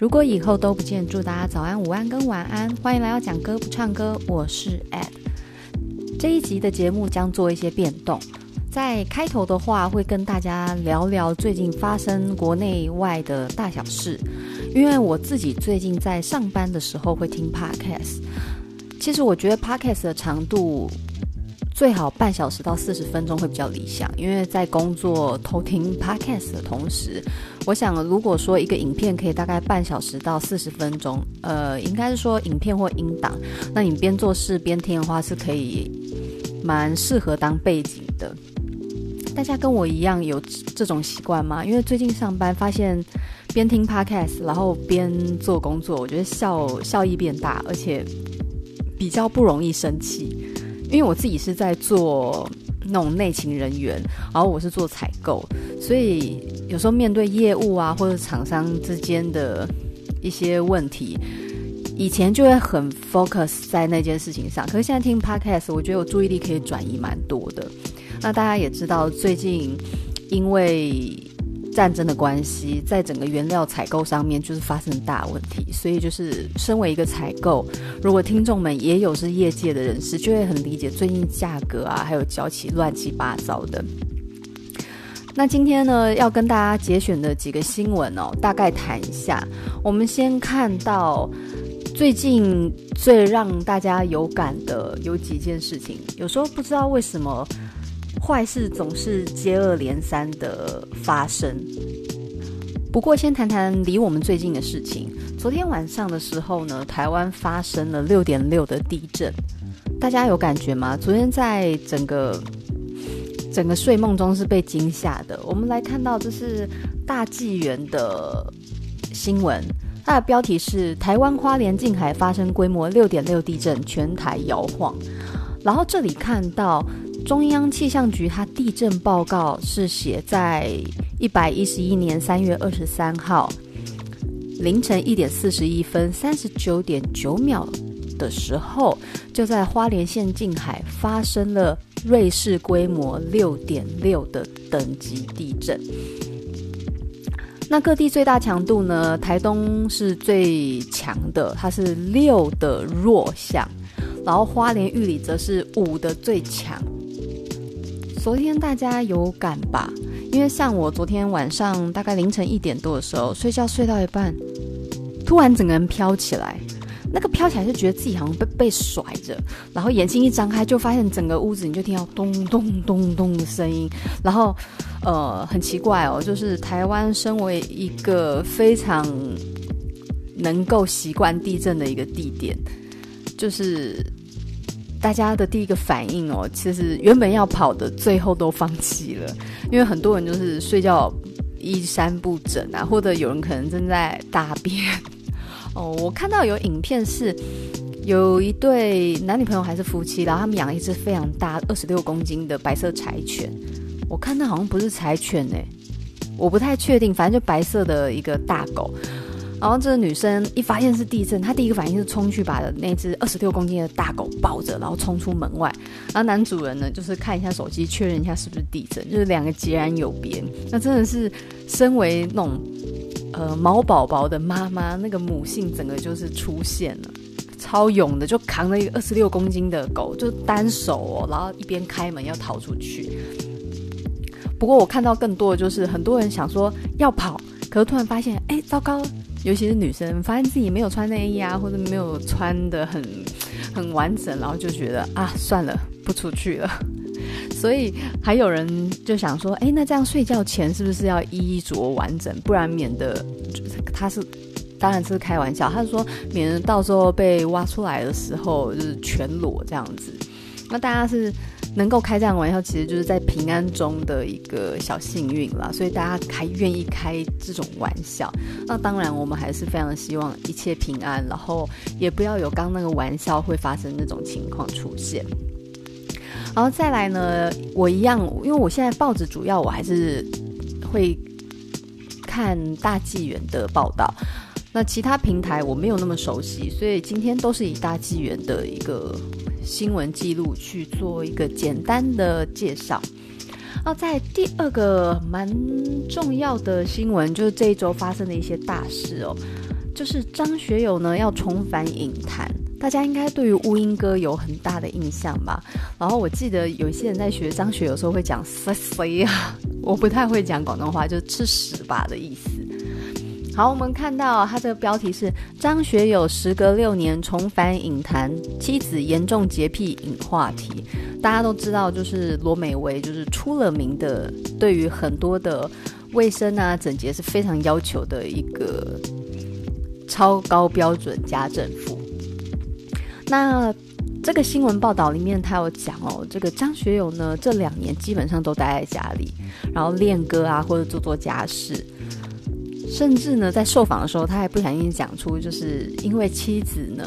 如果以後都不見，祝大家早安、午安跟晚安。歡迎來到講歌不唱歌，我是 AD。這一集的節目將做一些變動，在開頭的話會跟大家聊聊最近發生國內外的大小事，因為我自己最近在上班的時候會聽 podcast，其實我覺得 podcast 的長度，最好半小時到四十分鐘會比較理想，因為在工作偷聽 podcast 的同時，我想如果說一個影片可以大概半小時到四十分鐘，呃，應該是說影片或音檔，那你邊做事邊聽的話是可以蠻適合當背景的。大家跟我一樣有這種習慣嗎？因為最近上班發現邊聽 podcast 然後邊做工作，我覺得效效益變大，而且比較不容易生氣。因為我自己是在做那種內勤人員，然後我是做採購，所以有時候面對業務啊或者廠商之間的一些問題，以前就會很 focus 在那件事情上。可是現在聽 podcast，我覺得我注意力可以轉移蠻多的。那大家也知道，最近因為戰爭的關係，在整個原料採購上面就是發生大問題，所以就是身為一個採購，如果聽眾們也有是業界的人士，就會很理解最近價格啊，還有交期亂七八糟的。那今天呢，要跟大家節選的幾個新聞哦，大概談一下。我們先看到最近最讓大家有感的有幾件事情，有時候不知道為什麼。壞事總是接二連三的發生。不過，先談談離我們最近的事情。昨天晚上的時候呢，台灣發生了六點六的地震，大家有感覺嗎？昨天在整個整個睡夢中是被驚嚇的。我們來看到這是大紀元的新聞，它的標題是“台灣花蓮近海發生規模六點六地震，全台搖晃”。然後這裡看到。中央氣象局，它地震報告是寫在一百一十一年三月二十三號凌晨一點四十一分三十九點九秒的時候，就在花蓮縣近海發生了芮氏規模六點六的等級地震。那各地最大強度呢？台東是最強的，它是六的弱項；然後花蓮玉里則是五的最強。昨天大家有感吧？因為像我昨天晚上大概凌晨一點多的時候睡覺，睡到一半，突然整個人飄起來，那個飄起來就覺得自己好像被被甩着，然後眼睛一張開就發現整個屋子，你就聽到咚咚咚咚咚的聲音，然後呃很奇怪哦，就是台灣身為一個非常能夠習慣地震的一個地點，就是。大家的第一個反應哦，其實原本要跑的，最後都放棄了，因為很多人就是睡覺，衣衫不整啊，或者有人可能正在大便。哦，我看到有影片是有一對男女朋友還是夫妻，然後他們養了一隻非常大，二十六公斤的白色柴犬。我看到好像不是柴犬哎、欸，我不太確定，反正就白色的一個大狗。然後這個女生一發現是地震，她第一個反應是衝去把那隻二十六公斤的大狗抱着，然後衝出門外。然後男主人呢，就是看一下手機，確認一下是不是地震，就是兩個截然有別。那真的是身為那種呃毛寶寶的媽媽，那個母性整個就是出現了，超勇的就扛了一個二十六公斤的狗，就單手，哦，然後一邊開門要逃出去。不過我看到更多的就是很多人想說要跑，可是突然發現，哎，糟糕！尤其是女生發現自己沒有穿內衣啊，或者沒有穿得很很完整，然後就覺得啊，算了，不出去了。所以還有人就想說，哎，那這樣睡覺前是不是要衣着完整，不然免得他是，當然是開玩笑，他是說免得到時候被挖出來的時候就是全裸這樣子。那大家是？能夠開這樣的玩笑，其實就是在平安中的一個小幸運啦，所以大家還願意開這種玩笑。那當然，我們還是非常的希望一切平安，然後也不要有剛那個玩笑會發生那種情況出現。然後再來呢，我一樣，因為我現在報紙主要我還是會看大紀元的報道，那其他平台我沒有那麼熟悉，所以今天都是以大紀元的一個。新聞記錄去做一個簡單的介紹。然後在第二個蠻重要的新聞，就是這一周發生的一些大事哦，就是張學友呢要重返影壇，大家應該對於烏蠅哥有很大的印象吧？然後我記得有一些人在學張學友，時候會講塞塞啊，我不太會講廣東話，就是吃屎吧的意思。好，我們看到它這個標題是張學友時隔六年重返影壇，妻子嚴重潔癖引話題。大家都知道，就是羅美薇，就是出了名的對於很多的衛生啊、整潔是非常要求的一個超高標準家政婦。那這個新聞報道裡面，他有講哦，這個張學友呢這兩年基本上都待在家裡，然後練歌啊，或者做做家事。甚至呢，在受訪的時候，他還不小心講出，就是因為妻子呢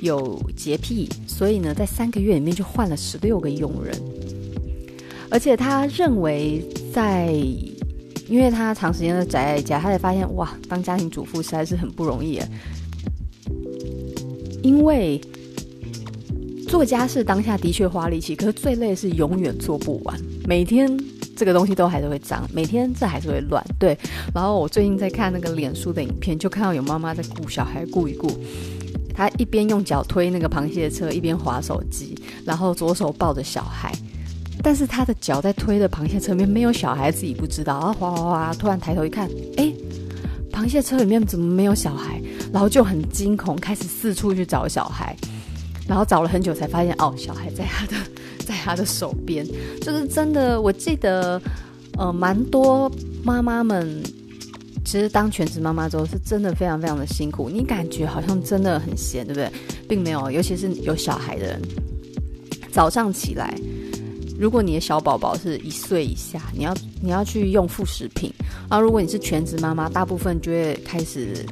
有潔癖，所以呢，在三個月裡面就換了十六個傭人。而且他認為在，在因為他長時間的宅在家，他才發現哇，當家庭主婦實在是很不容易。因為做家事當下的確花力氣，可是最累是永遠做不完，每天。這個東西都還是會髒，每天這還是會亂。對，然後我最近在看那個臉書的影片，就看到有媽媽在顧小孩顧一顧，她一邊用腳推那個螃蟹車，一邊滑手機，然後左手抱着小孩，但是她的腳在推的螃蟹車裡面沒有小孩，自己不知道，然後嘩嘩嘩，突然抬頭一看，哎，螃蟹車裡面怎麼沒有小孩？然後就很驚恐，開始四處去找小孩，然後找了很久才發現，哦，小孩在他的。在他的手邊，就是真的。我記得，呃，蠻多媽媽們，其實當全職媽媽之後，是真的非常非常的辛苦。你感覺好像真的很閒，對不對？並沒有，尤其是有小孩的人，早上起來，如果你的小寶寶是一歲以下，你要你要去用副食品啊，然後如果你是全職媽媽，大部分就會開始。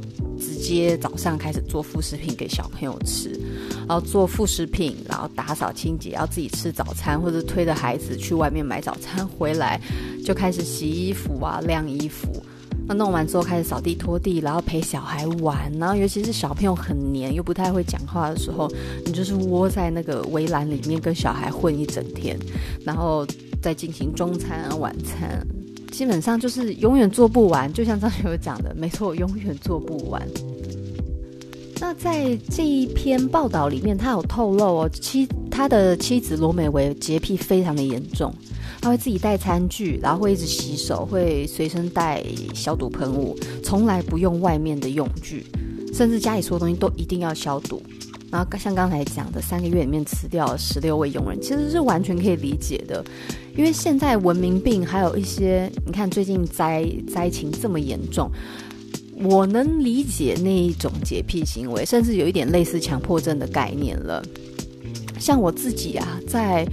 接早上開始做副食品給小朋友吃，然後做副食品，然後打掃清潔，要自己吃早餐或者推着孩子去外面買早餐回來，就開始洗衣服啊、晾衣服。那弄完之後開始掃地、拖地，然後陪小孩玩。然後尤其是小朋友很黏又不太會講話的時候，你就是窩在那個圍欄裡面跟小孩混一整天，然後再進行中餐啊、晚餐，基本上就是永遠做不完。就像張學友講的，沒錯，我永遠做不完。那在這一篇報道裡面，他有透露哦，妻他的妻子羅美薇潔癖非常的嚴重，他會自己帶餐具，然後會一直洗手，會隨身帶消毒噴霧，從來不用外面的用具，甚至家裡所有東西都一定要消毒。然後像剛才講的，三個月裡面辭掉了十六位傭人，其實是完全可以理解的，因為現在文明病還有一些，你看最近災災情這麼嚴重。我能理解那一種潔癖行為，甚至有一點類似強迫症的概念了。像我自己啊，在，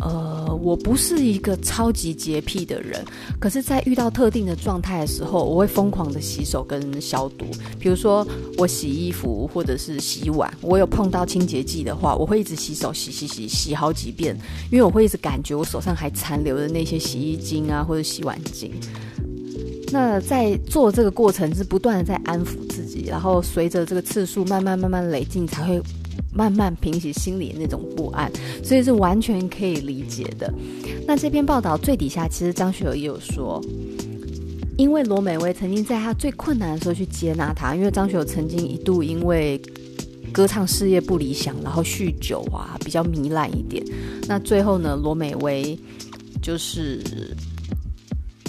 呃，我不是一個超級潔癖的人，可是，在遇到特定的狀態的時候，我會瘋狂的洗手跟消毒。比如說，我洗衣服或者是洗碗，我有碰到清潔劑的話，我會一直洗手，洗洗洗，洗好幾遍，因為我會一直感覺我手上還殘留的那些洗衣精啊或者洗碗精。那在做這個過程是不斷的在安撫自己，然後隨着這個次數慢慢慢慢累進，才會慢慢平息心裡的那種不安，所以是完全可以理解的。那這篇報道最底下其實張學友也有說，因為羅美薇曾經在他最困難的時候去接納他，因為張學友曾經一度因為歌唱事業不理想，然後酗酒啊比較糜爛一點，那最後呢，羅美薇就是。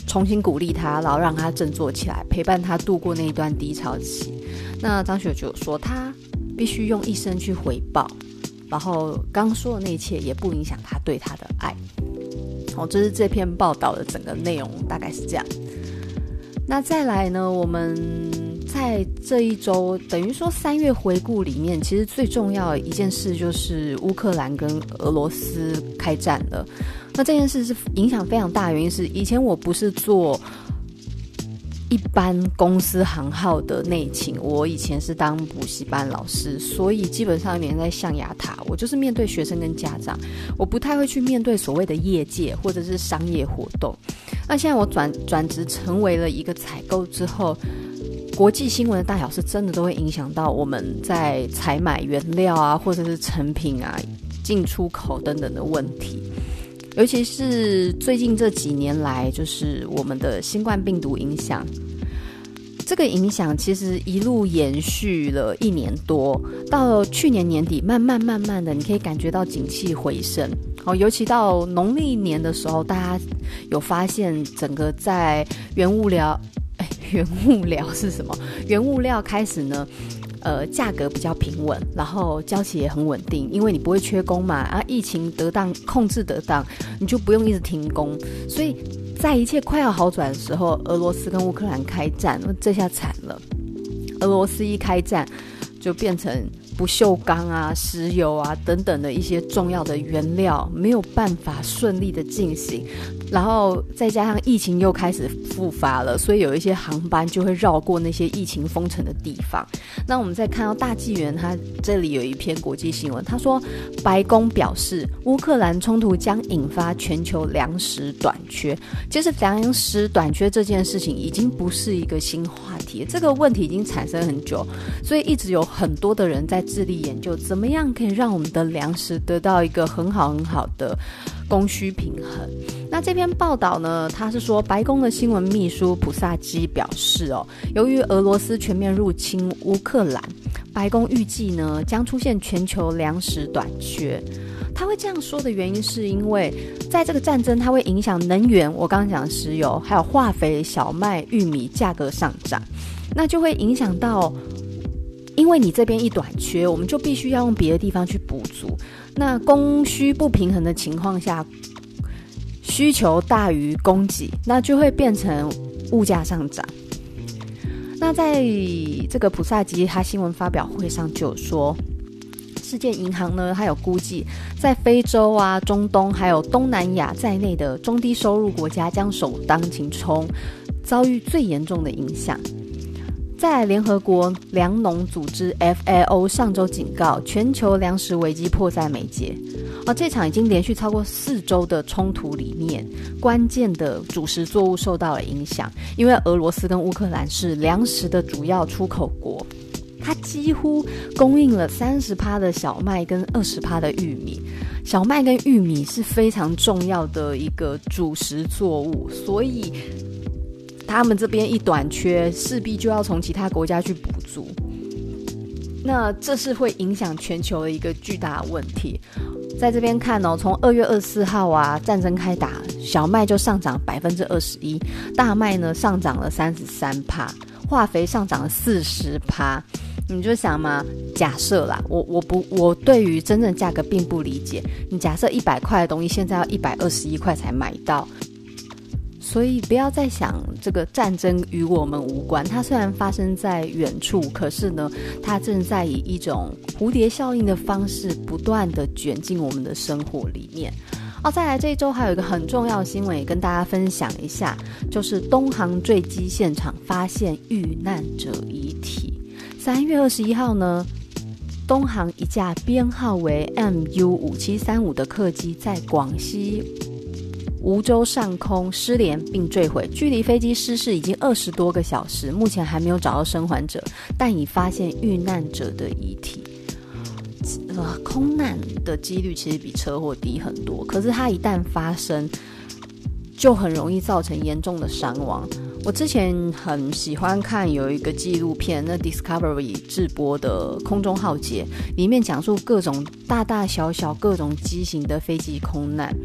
重新鼓勵他，然後讓他振作起來，陪伴他度過那一段低潮期。那張學友說，他必須用一生去回報。然後剛說的那一切也不影響他對他的愛。好、哦，這是這篇報道的整個內容，大概是這樣。那再來呢？我們在這一周，等於說三月回顧裡面，其實最重要的一件事就是烏克蘭跟俄羅斯開戰了。那這件事是影響非常大的，原因是以前我不是做一般公司行號的內勤，我以前是當補習班老師，所以基本上每天在象牙塔，我就是面對學生跟家長，我不太會去面對所謂的業界或者是商業活動。那現在我轉轉職成為了一個採購之後，國際新聞的大小事真的都會影響到我們在採買原料啊，或者是成品啊、進出口等等的問題。尤其是最近這幾年來，就是我們的新冠病毒影響，這個影響其實一路延續了一年多，到去年年底，慢慢慢慢的，你可以感覺到景氣回升。好，哦，尤其到農曆年的時候，大家有發現整個在原物料，哎，原物料是什麼？原物料開始呢，呃，價格比較平穩，然後交期也很穩定，因為你不會缺工嘛。啊，疫情得當控制得當，你就不用一直停工。所以在一切快要好轉的時候，俄羅斯跟烏克蘭開戰，這下慘了。俄羅斯一開戰，就變成。不鏽鋼啊，石油啊等等的一些重要的原料沒有辦法順利的進行，然後再加上疫情又開始復發了，所以有一些航班就會繞過那些疫情封城的地方。那我們再看到大紀元，他這裡有一篇國際新聞，他說白宮表示，烏克蘭衝突將引發全球糧食短缺。其實糧食短缺這件事情已經不是一個新話題，這個問題已經產生很久，所以一直有很多的人在。致力研究怎麼樣可以讓我們的糧食得到一個很好很好的供需平衡。那這篇報道呢，他是說白宮的新聞秘書普薩基表示，哦，由於俄羅斯全面入侵烏克蘭，白宮預計呢，將出現全球糧食短缺。他會這樣說的原因是因為在這個戰爭，它會影響能源，我剛剛講的石油，還有化肥、小麥、玉米價格上漲，那就會影響到。因為你這邊一短缺，我們就必須要用別的地方去補足。那供需不平衡的情況下，需求大於供給，那就會變成物價上漲。那在這個普薩基他新聞發表會上就說，世界銀行呢，它有估計，在非洲啊、中東還有東南亞在內的中低收入國家將首當其衝，遭遇最嚴重的影響。在聯合國糧農組織 （FAO） 上週警告，全球糧食危機迫在眉睫。而、啊、這場已經連續超過四周的衝突裡面，關鍵的主食作物受到了影響。因為俄羅斯跟烏克蘭是糧食的主要出口國，它幾乎供應了三十趴的小麥跟二十趴的玉米。小麥跟玉米是非常重要的一個主食作物，所以。他們這邊一短缺，勢必就要從其他國家去補足，那這是會影響全球的一個巨大問題。在這邊看哦，從二月二十四號啊，戰爭開打，小麥就上漲百分之二十一，大麥呢上漲了三十三趴，化肥上漲了四十趴。你就想嘛，假設啦，我我不我對於真正價格並不理解。你假設一百塊的東西，現在要一百二十一塊才買到。所以不要再想這個戰爭與我們無關。它雖然發生在遠處，可是呢，它正在以一種蝴蝶效應的方式，不斷地卷進我們的生活裡面。哦，再來這一周還有一個很重要的新聞也跟大家分享一下，就是東航墜機現場發現遇難者遺體。三月二十一號呢，東航一架編號為 MU 五七三五的客機在廣西。梧州上空失聯並墜毀，距離飛機失事已經二十多個小時，目前還沒有找到生還者，但已發現遇難者的遺體。呃，空難的幾率其實比車禍低很多，可是它一旦發生，就很容易造成嚴重的傷亡。我之前很喜歡看有一個紀錄片，那 Discovery 直播的《空中浩劫》，裡面講述各種大大小小、各種機型的飛機空難。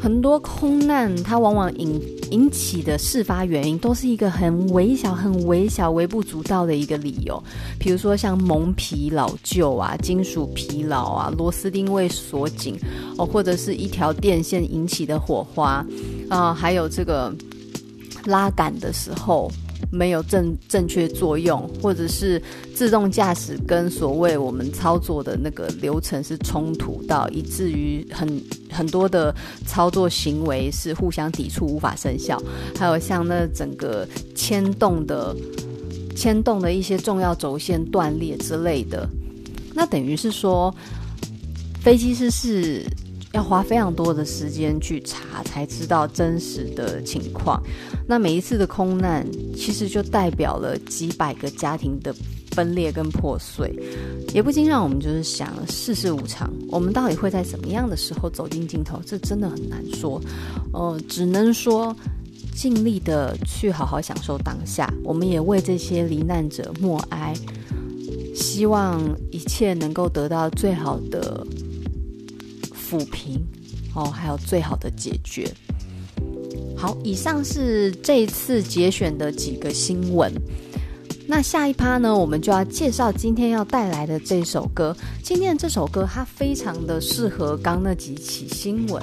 很多空難，它往往引引起的事發原因都是一個很微小，很微小，微不足道的一個理由，比如說像蒙皮老舊啊，金屬疲勞啊，螺絲釘未鎖緊哦，或者是一條電線引起的火花啊、呃，還有這個拉桿的時候。沒有正正確作用，或者是自動駕駛跟所謂我們操作的那個流程是衝突到，以至於很很多的操作行為是互相抵觸，無法生效。還有像那整個牽動的牽動的一些重要軸線斷裂之類的，那等於是說，飛機師是。要花非常多的時間去查，才知道真實的情況。那每一次的空難，其實就代表了幾百個家庭的分裂跟破碎，也不禁讓我們就是想世事無常，我們到底會在怎麼樣的時候走進鏡頭？這真的很難說。呃，只能說盡力的去好好享受當下。我們也為這些罹難者默哀，希望一切能夠得到最好的。撫平哦，還有最好的解決。好，以上是這一次節選的幾個新聞。那下一趴呢，我們就要介紹今天要帶來的這、的這首歌。今天這首歌它非常的適合剛那幾起新聞，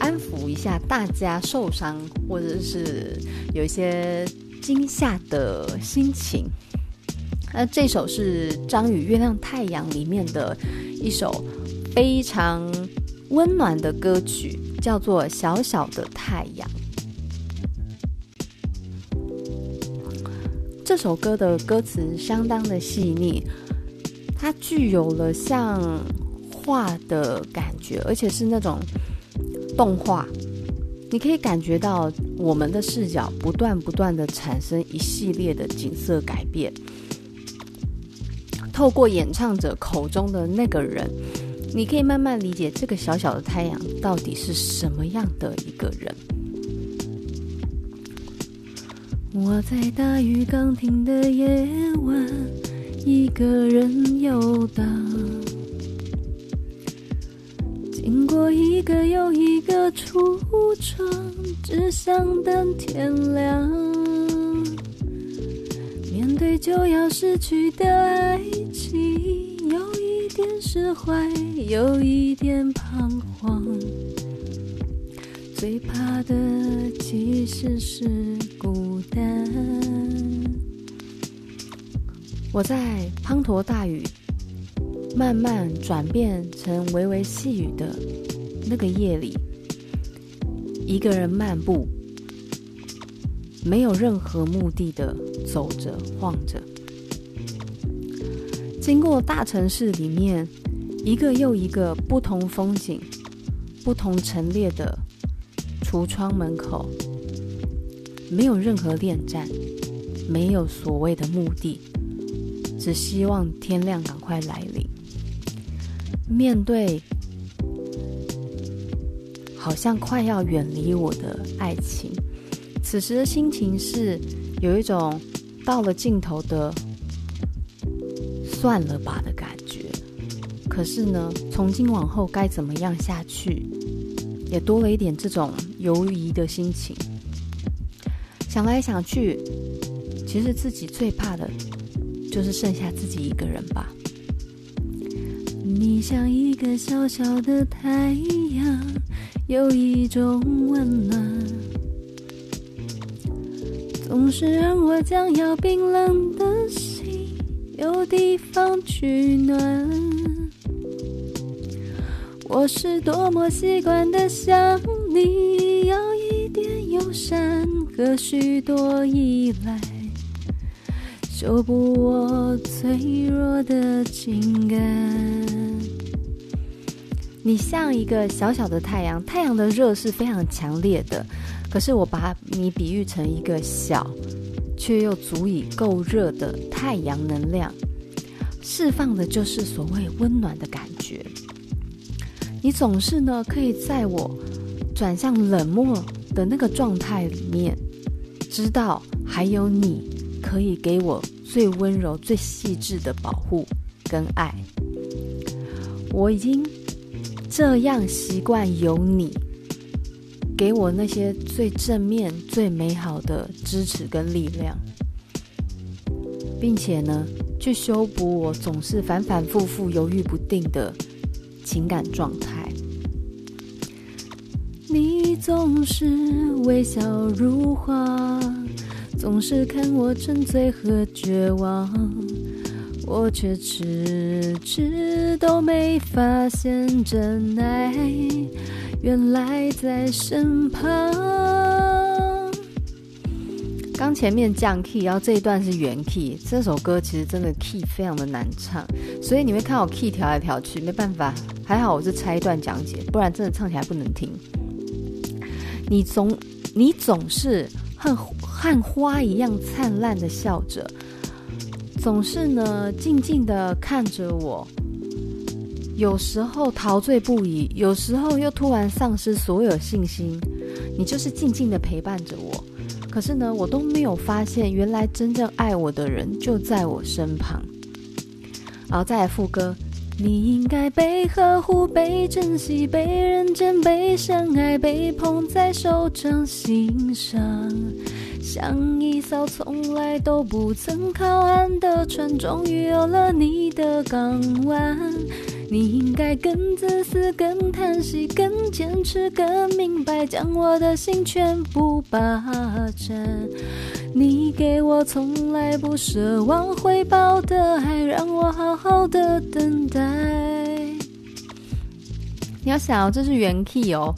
安撫一下大家受傷或者是有一些驚嚇的心情。那這首是張宇《月亮太陽》裡面的一首非常溫暖的歌曲叫做《小小的太陽》。這首歌的歌詞相當的細膩，它具有了像畫的感覺，而且是那種動畫。你可以感覺到我們的視角不斷不斷的產生一系列的景色改變，透過演唱者口中的那個人。你可以慢慢理解這個小小的太陽到底是什麼樣的一個人。我在大雨剛停的夜晚，一個人遊蕩，經過一個又一個櫥窗，只想等天亮。面對就要失去的愛情。天使懷有一點彷徨，最怕的其實是孤單。我在滂沱大雨慢慢轉變成微微細雨的那個夜裡，一個人漫步，沒有任何目的地走着、晃着。經過大城市裡面一個又一個不同風景、不同陳列的櫥窗門口，沒有任何戀戰，沒有所謂的目的，只希望天亮趕快來臨。面對好像快要遠離我的愛情，此時的心情是有一種到了盡頭的。算了吧的感覺，可是呢，從今往後該怎麼樣下去，也多了一點這種猶豫的心情。想來想去，其實自己最怕的，就是剩下自己一個人吧。你像一個小小的太陽，有一種溫暖，總是讓我將要冰冷的。有地方取暖，我是多麼習慣的向你要一點友善和許多依賴，修補我脆弱的情感。你像一個小小的太陽，太陽的熱是非常強烈的，可是我把你比喻成一個小。卻又足以夠熱的太陽能量，釋放的就是所謂溫暖的感覺。你總是呢，可以在我轉向冷漠的那個狀態裡面，知道還有你可以給我最溫柔、最細緻的保護跟愛。我已經這樣習慣有你。給我那些最正面、最美好的支持跟力量，並且呢，去修補我總是反反复覆、猶豫不定的情感狀態。你總是微笑如花，總是看我沉醉和絕望，我卻遲遲都沒發現真愛。原來在身旁。剛前面降 key，然後這一段是原 key。這首歌其實真的 key 非常的難唱，所以你會看我 key 調來調去，沒辦法。還好我是拆一段講解，不然真的唱起來不能聽。你總你總是和和花一樣燦爛的笑着，總是呢靜靜的看着我。有時候陶醉不已，有時候又突然喪失所有信心。你就是靜靜地陪伴着我，可是呢，我都沒有發現，原來真正愛我的人就在我身旁。好，再來副歌：你應該被呵護、被珍惜、被認真、被深愛、被捧在手掌心上，像一艘從來都不曾靠岸的船中，終於有了你的港灣。你應該更自私、更貪心、更堅持、更明白，將我的心全部霸占。你給我從來不奢望回報的愛，讓我好好的等待。你要想哦,這是原 key 哦,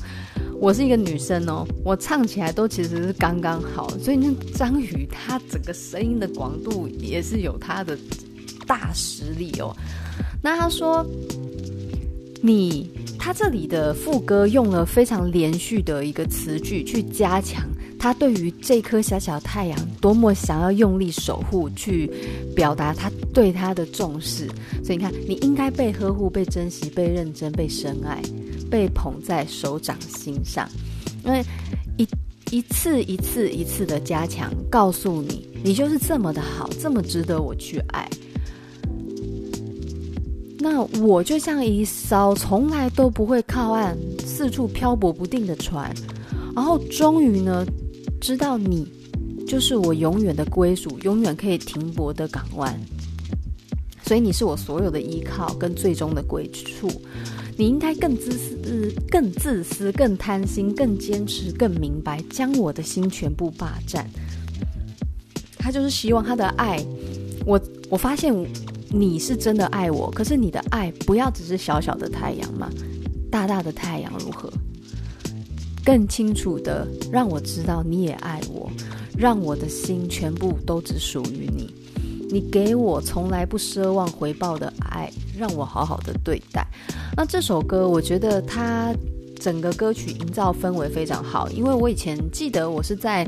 我是一個女生哦,我唱起來都其實是剛剛好,所以那張宇他整個聲音的廣度也是有他的大實力哦。那他說，你他這裡的副歌用了非常連續的一個詞句去加強他對於這顆小小太陽多麼想要用力守護，去表達他對他的重視。所以你看，你應該被呵護、被珍惜、被認真、被深愛、被捧在手掌心上，因為一一次、一次、一次的加強，告訴你，你就是這麼的好，這麼值得我去愛。那我就像一艘從來都不會靠岸，四處漂泊不定的船，然後終於呢，知道你就是我永遠的歸屬，永遠可以停泊的港灣。所以你是我所有的依靠跟最終的歸處。你應該更自私、呃、更自私、更貪心、更堅持、更明白，將我的心全部霸占。他就是希望他的愛，我我發現。你是真的愛我，可是你的愛不要只是小小的太陽嘛，大大的太陽如何？更清楚的讓我知道你也愛我，讓我的心全部都只屬於你。你給我從來不奢望回報的愛，讓我好好的對待。那這首歌，我覺得它整個歌曲營造氛圍非常好，因為我以前記得我是在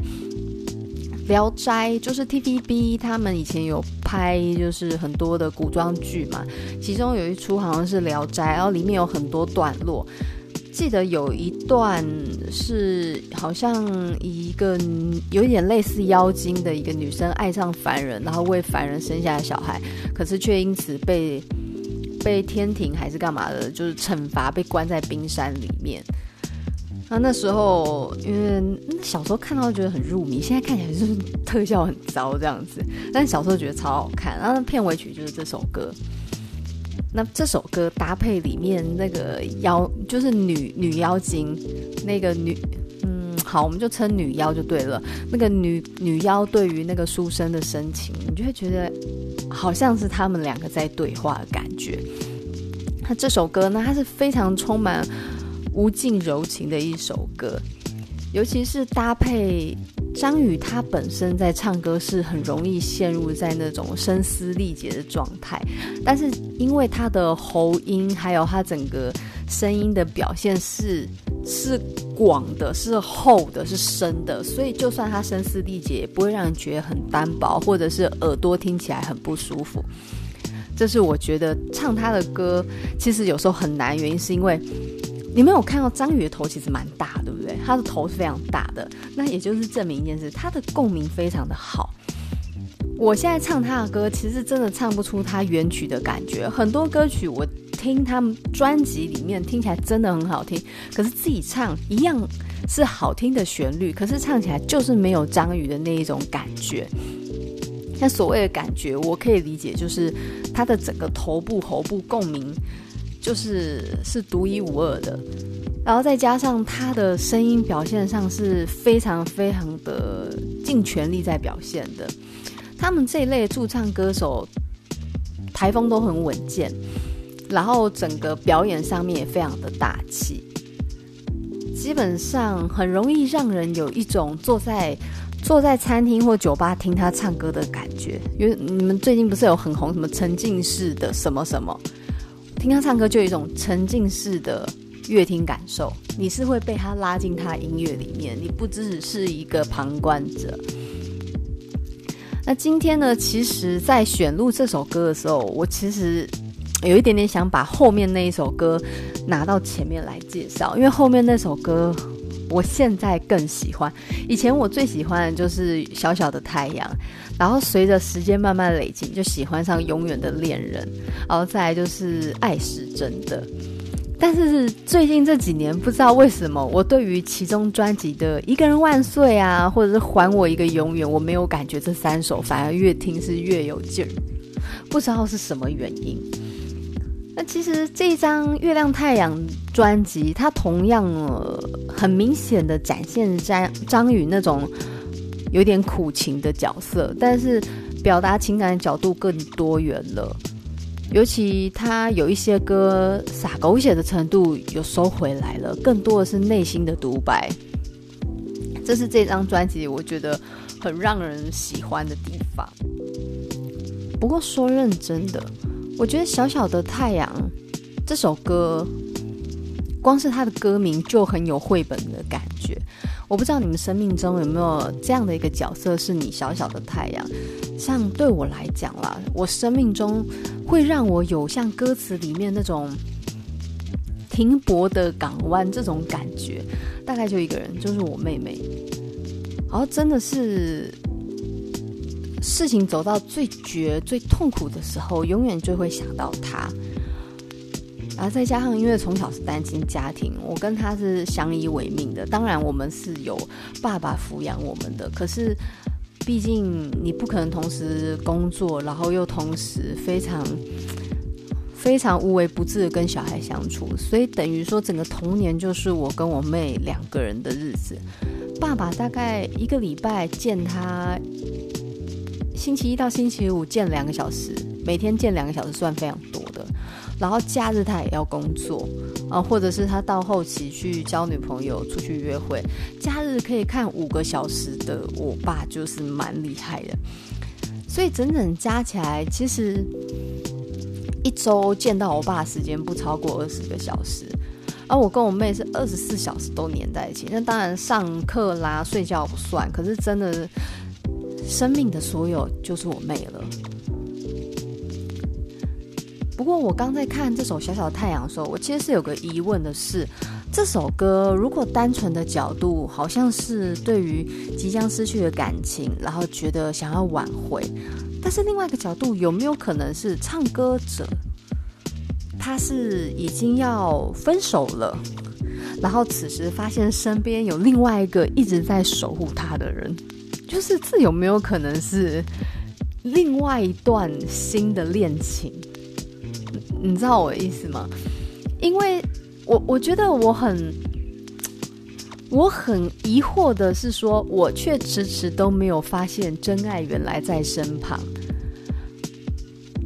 《聊齋》，就是 TVB 他們以前有。拍就是很多的古裝劇嘛，其中有一出好像是《聊齋》，然後裡面有很多段落，記得有一段是好像一個有一點類似妖精的一個女生愛上凡人，然後為凡人生下的小孩，可是卻因此被被天庭還是幹嘛的，就是懲罰被關在冰山裡面。那、啊、那時候，因為小時候看到覺得很入迷，現在看起來就是特效很糟這樣子，但小時候覺得超好看。然後、啊、那片尾曲就是這首歌，那這首歌搭配裡面那個妖，就是女女妖精，那個女，嗯，好，我們就稱女妖就對了。那個女女妖對於那個書生的深情，你就會覺得好像是他們兩個在對話的感覺。那、啊、這首歌呢，它是非常充滿。無盡柔情的一首歌，尤其是搭配張宇，他本身在唱歌是很容易陷入在那種聲嘶力竭的狀態，但是因為他的喉音還有他整個聲音的表現是是廣的、是厚的、是深的，所以就算他聲嘶力竭，也不會讓人覺得很單薄，或者是耳朵聽起來很不舒服。這是我覺得唱他的歌其實有時候很難，原因是因為。你們有看到張宇的頭其實蠻大，對不對？他的頭是非常大的，那也就是證明一件事，他的共鳴非常的好。我現在唱他的歌，其實真的唱不出他原曲的感覺。很多歌曲我聽他們專輯裡面聽起來真的很好聽，可是自己唱一樣是好聽的旋律，可是唱起來就是沒有張宇的那一種感覺。那所謂的感覺，我可以理解就是他的整個頭部、喉部共鳴。就是是獨一無二的，然後再加上他的聲音表現上是非常非常的盡全力在表現的。他們這一類駐唱歌手台風都很穩健，然後整個表演上面也非常的大氣，基本上很容易讓人有一種坐在坐在餐廳或酒吧聽他唱歌的感覺。因為你們最近不是有很紅什麼沉浸式的什麼什麼？聽他唱歌，就有一種沉浸式的聆聽感受。你是會被他拉進他的音樂裡面，你不只是一個旁觀者。那今天呢？其實，在選錄這首歌的時候，我其實有一點點想把後面那一首歌拿到前面來介紹，因為後面那首歌。我現在更喜歡，以前我最喜歡的就是小小的太陽，然後隨着時間慢慢累積，就喜歡上永遠的戀人，然後再來就是愛是真的。但是最近這幾年，不知道為什麼，我對於其中專輯的一個人萬歲啊，或者是還我一個永遠，我沒有感覺這三首反而越聽是越有勁兒，不知道是什麼原因。那其實這張《月亮太陽》專輯，它同樣、呃、很明顯的展現張張宇那種有點苦情的角色，但是表達情感的角度更多元了。尤其他有一些歌撒狗血的程度又收回來了，更多的是內心的獨白。這是這張專輯我覺得很讓人喜歡的地方。不過說認真的。我覺得《小小的太陽》這首歌，光是它的歌名就很有繪本的感覺。我不知道你們生命中有沒有這樣的一個角色，是你小小的太陽？像對我來講啦，我生命中會讓我有像歌詞裡面那種停泊的港灣這種感覺，大概就一個人，就是我妹妹。好，哦，真的是。事情走到最絕、最痛苦的時候，永遠就會想到他。然後再加上，因為從小是單親家庭，我跟他是相依為命的。當然，我們是有爸爸撫養我們的，可是畢竟你不可能同時工作，然後又同時非常、非常無微不至的跟小孩相處，所以等於說，整個童年就是我跟我妹兩個人的日子。爸爸大概一個禮拜見他。星期一到星期五見兩個小時，每天見兩個小時算非常多的。然後假日他也要工作啊，或者是他到後期去交女朋友出去約會，假日可以看五個小時的我爸就是蠻厲害的。所以整整加起來，其實一周見到我爸的時間不超過二十個小時，而、啊、我跟我妹是二十四小時都黏在一起。那當然上課啦、睡覺不算，可是真的。生命的所有就是我妹了。不過我剛在看這首《小小的太陽》的時候，我其實是有個疑問的是，這首歌如果單純的角度，好像是對於即將失去的感情，然後覺得想要挽回。但是另外一個角度，有沒有可能是唱歌者他是已經要分手了，然後此時發現身邊有另外一個一直在守護他的人？就是這有沒有可能是另外一段新的戀情？你知道我的意思嗎？因為我我覺得我很我很疑惑的是，說我卻遲遲都沒有發現真愛原來在身旁。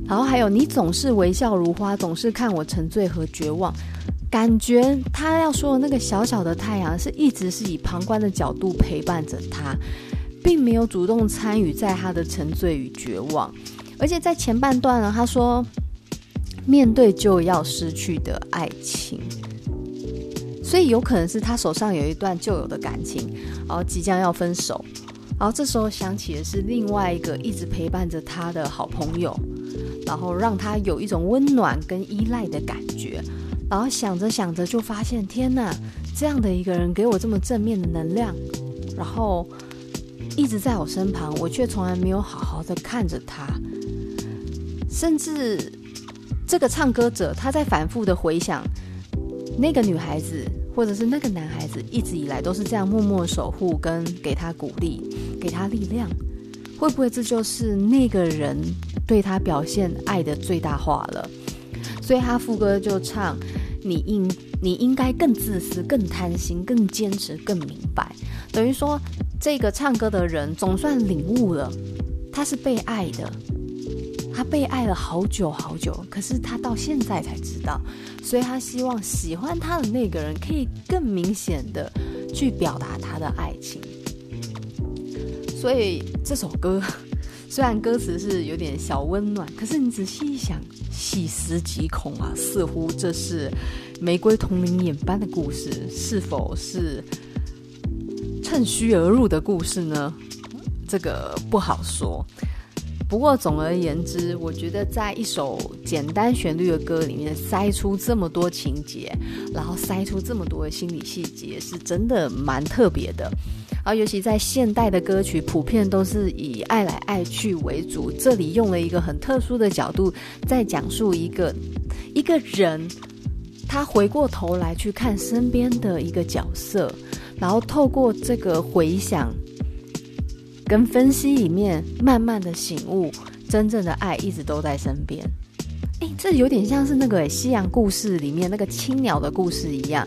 然後還有你總是微笑如花，總是看我沉醉和絕望。感覺他要說的那個小小的太陽，是一直是以旁觀的角度陪伴着他。並沒有主動參與在他的沉醉與絕望，而且在前半段呢，他說面對就要失去的愛情，所以有可能是他手上有一段舊有的感情，然後即將要分手，然後這時候想起的是另外一個一直陪伴着他的好朋友，然後讓他有一種溫暖跟依賴的感覺，然後想着想着就發現天哪，這樣的一個人給我這麼正面的能量，然後。一直在我身旁，我卻從來沒有好好的看着他。甚至，這個唱歌者他在反覆的回想，那個女孩子或者是那個男孩子一直以來都是這樣默默守護跟給他鼓勵，給他力量。會不會這就是那個人對他表現愛的最大化了？所以他副歌就唱：“你應你應該更自私、更貪心、更堅持、更明白。”等於說，這個唱歌的人總算領悟了，他是被愛的，他被愛了好久好久，可是他到現在才知道，所以他希望喜歡他的那個人可以更明顯的去表達他的愛情。所以這首歌雖然歌詞是有點小溫暖，可是你仔細一想，細思極恐啊，似乎這是玫瑰童林演般的故事，是否是？趁虛而入的故事呢？這個不好說。不過總而言之，我覺得在一首簡單旋律的歌裡面塞出這麼多情節，然後塞出這麼多的心理細節，是真的蠻特別的。而、啊、尤其在現代的歌曲，普遍都是以愛來愛去為主，這裡用了一個很特殊的角度，在講述一個一個人，他回過頭來去看身邊的一個角色。然後透過這個回想跟分析裡面，慢慢的醒悟，真正的愛一直都在身邊。哎，這有點像是那個《西洋故事》裡面那個青鳥的故事一樣，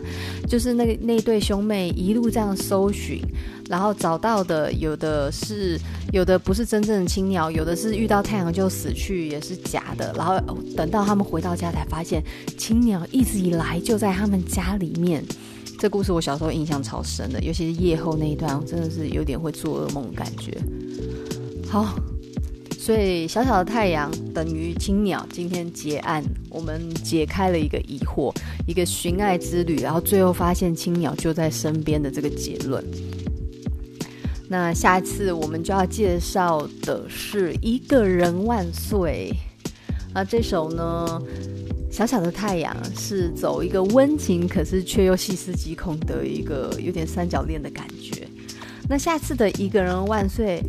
就是那那對兄妹一路這樣搜尋，然後找到的有的是有的不是真正的青鳥，有的是遇到太陽就死去也是假的。然後、哦、等到他們回到家，才發現青鳥一直以來就在他們家裡面。這故事我小時候印象超深的，尤其是夜後那一段，我真的是有點會做噩夢的感覺。好，所以小小的太陽等於青鳥，今天結案，我們解開了一個疑惑，一個尋愛之旅，然後最後發現青鳥就在身邊的這個結論。那下一次我們就要介紹的是《一個人萬歲》。那這首呢。小小的太陽是走一個溫情，可是卻又細思極恐的一個有點三角戀的感覺。那下次的一個人萬歲，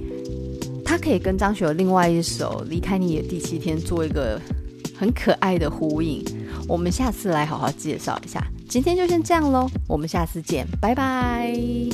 他可以跟張學友另外一首離開你的第七天做一個很可愛的呼應。我們下次來好好介紹一下。今天就先這樣嘍，我們下次見，拜拜。